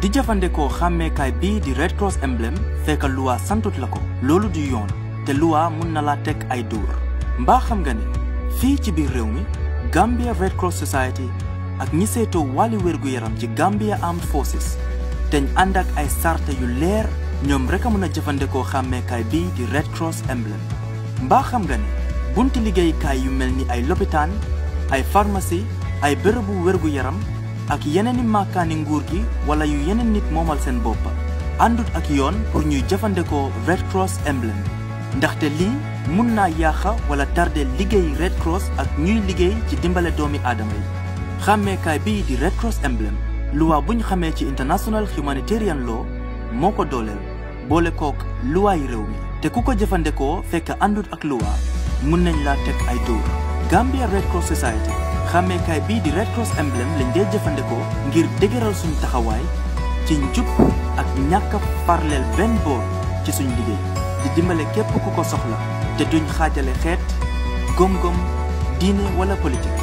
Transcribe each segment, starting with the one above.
di jëfandikoo xàmmeekaay bii di Red Cross Emblem fekk luwaa santut la ko loolu di yoon te luwaa mën na laa teg ay dóor mbaa xam nga ne fii ci biir réew mi Gambia Red Cross Society ak ñi saytoo wàlli wér yaram ci Gambia Armed Forces teñ ànd ak ay sarta yu leer ñoom rek a mën a jëfandikoo xàmmeekaay bii di Red Cross Emblem mbaa xam nga ne bunti liggéeykaay yu mel ni ay loppitaan ay pharmacie ay bërëbu wér yaram ak yeneen i màkkaani nguur gi wala yu yeneen nit moomal seen bopp àndut ak yoon pour ñuy jëfandikoo Red Cross emblem ndaxte lii mun naa yàqa wala tarde liggéey Red Cross ak ñuy liggéey ci dimbale doomi aadama yi xàmmeekaay bii di Red Cross emblem luwaa buñ xamee ci international humanitarian law moo ko dooleel boole kook luwaayi réew mi te ku ko jëfandikoo fekk àndut ak luwaa mun nañ laa teg ay dóor Gambia Red Cross Society xàmmeekaay bii di Red Cross emblème lañ dee jëfandikoo ngir dëgëral suñu taxawaay ci njub ak ñàkk a parleel benn boor ci suñu liggéey di dimbale képp ku ko soxla te duñ xaajale xeet gom diine wala politique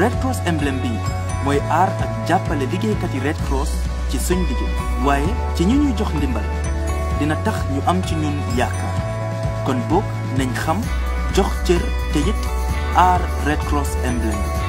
Red Cross emblème bii mooy aar ak jàppale liggéeykat yi Red Cross ci suñ liggéey waaye ci ñi ñuy jox ndimbal dina tax ñu am ci ñun yaakaar kon boog nañ xam jox cër te it aar Red Cross emblème